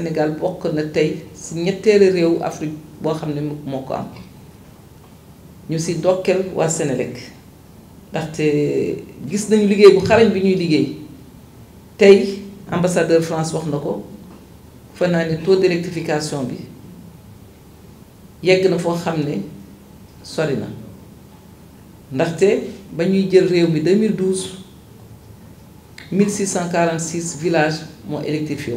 Sénégal bokk na tey Afrique boo xam ne am ñu si dokkeel waa ndaxte ambassadeur France taux d'électrification bi yegg na foo xam ne ndaxte 2012 1646 villages moo électrifié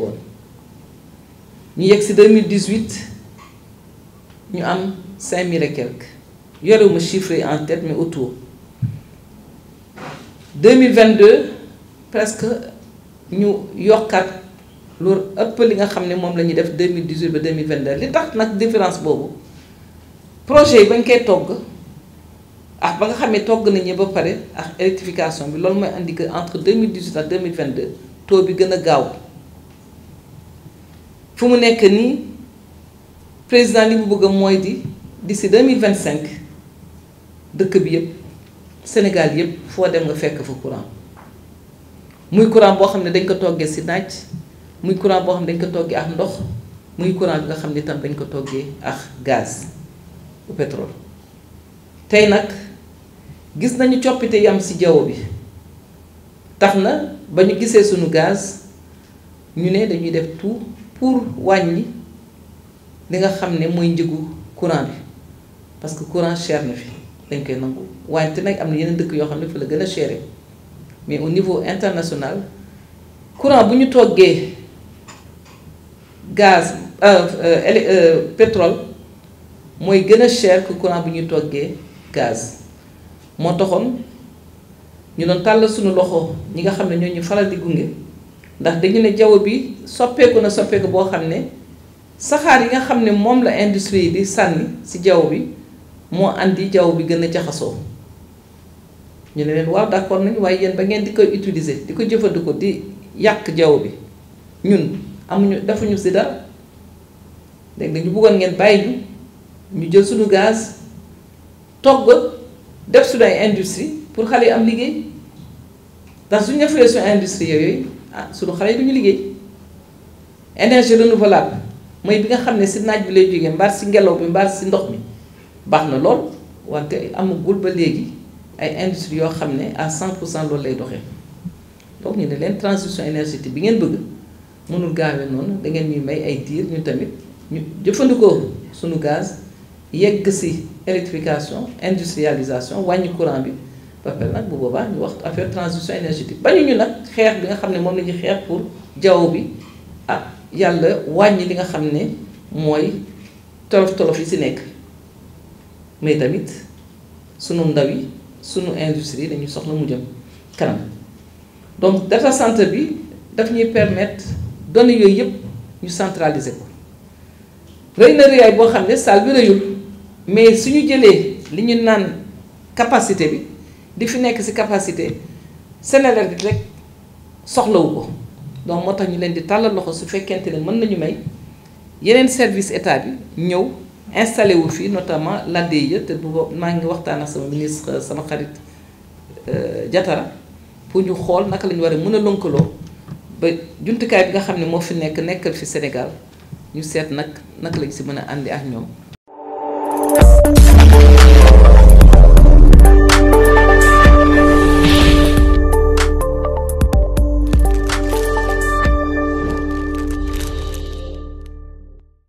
ñu yegg si 2018 ñu am 5000 et quelque yorewuma chiffre en tête mais autour 2022 presque ñu yokkat lu ëpp li nga xam ne moom la ñuy def 2018 ba 2022 li tax nag différence boobu projet yi ba koy togg ah ba nga xam ne togg nañu ba pare ak électrification bi loolu mooy indi que entre 2018 ak 2022 taux bi gën a gaaw. fu mu nekk nii président li mu bëgg mooy di d'ici deux mille vingt cinq dëkk bi yëpp Sénégal yëpp foo dem nga fekk fa courant muy courant boo xam ne dañ ko toggee si naaj muy courant boo xam ne dañ ko toggee ak ndox muy courant bi nga xam ne itam dañ ko toggee ak gaz ou pétrole tey nag gis nañu coppite yam si jaww bi tax na ba ñu gisee suñu gaz ñu ne dañuy def tout. pour wàññi li nga xam ne mooy njëgu courant bi parce que courant cher na fi dañ koy nangu wante nag am na yeneen dëkk yoo xam ne fa la gën a chéré mais au niveau international courant bu ñu toggee gaz euh, euh, euh, pétrole mooy gën a cher courant bu ñu toggee gaz moo taxoon ñu doon tàll suñu loxo ñi nga xam ne ñoo ñu faral di gunge. ndax dañu ne jaww bi soppeeku na soppeeku boo xam ne saxaar yi nga xam ne moom la industrie yi di sànni si jaww bi moo andi jaww bi gën a jaxasoo ñu ne leen waaw d'accord nañ waaye yéen ba ngeen di koy utiliser di ko jëfandikoo di yàq jaww bi ñun amuñu defuñu si dara léegi dañu buggoon ngeen bàyyi ñu ñu jël suñu gaas togg def suñu ay industrie pour xale yi am liggéey ndax suñu defulee su industrie yooyu ah sunu xale yi liggéey énergie renouvelable mooy bi nga xam ne si naaj bi lay jógee mbaar si ngelaw bi mbaar si ndox mi baax na lool wante amagul ba léegi ay industrie yoo xam ne à 100 pour cent loolu lay doxee donc ñu ne leen transition énergétique bi ngeen bëgg mënul gaawee noonu da ngeen ñuy may ay diir ñu tamit ñu jëfandikoo sunu gaz yegg si électrification industrialisation wàññi courant bi papel nag bu boobaa ñu wax affaire transition énergétique bañu ñu nak xeex bi nga xam mom lañu la xeex pour jaw bi ah yalla wañ li nga xam moy mooy tolof tolof yi si nekk mais tamit sunu ndaw yi sunu industrie dañu soxla mu jëm kanam donc data center bi daf ñuy permettre données yooyu yëpp ñu centraliser ko rëy na rëyaay boo xam ne salle bi rëyul mais suñu jëlee li ñu naan capacité bi di fi nekk si capacité Senelec rek soxlawu ko donc moo tax ñu leen di tàllal loxo su fekkente ne mën nañu may yeneen service état bi ñëw installé wu fii notamment l'ADIE te bu maa ngi waxtaan ak sama ministre sama xarit euh, Diatara pour ñu xool naka la ñu war a mën a lënkaloo ba jumtukaay bi nga xam ne moo fi nekk nekkal fi Sénégal ñu seet nag naka lañ si mën a indi ak ñoom.